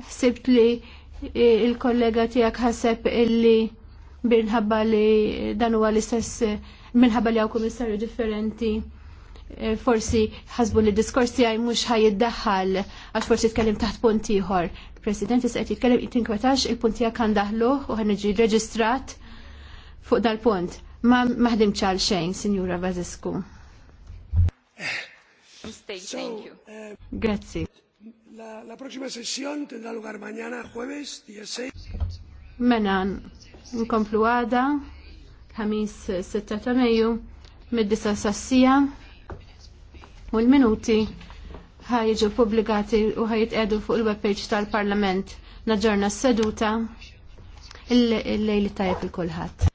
ħsibt li il-kollega tijak ħaseb illi minħabba li dan huwa l-istess minħabba li għaw komissarju differenti eh, forsi ħasbu li diskors tijaj mux ħajiddaħħal għax forsi tkellim taħt punt ieħor. Il-President jisqed jitkellem jtinkwetax il-punt tijak kan u ħanġi reġistrat fuq dal-punt. Ma maħdim ċal xejn, Sinjura Bazescu. Grazzi. La, la próxima sesión tendrá lugar mañana, jueves 16. Mena nkomplu għada, ħamis 6 ta' Mejju, mid-disa sassija, u l-minuti ħajġu publikati u edu fuq il-webpage tal-Parlament naġġorna s-seduta il-lejli tajab il kolħat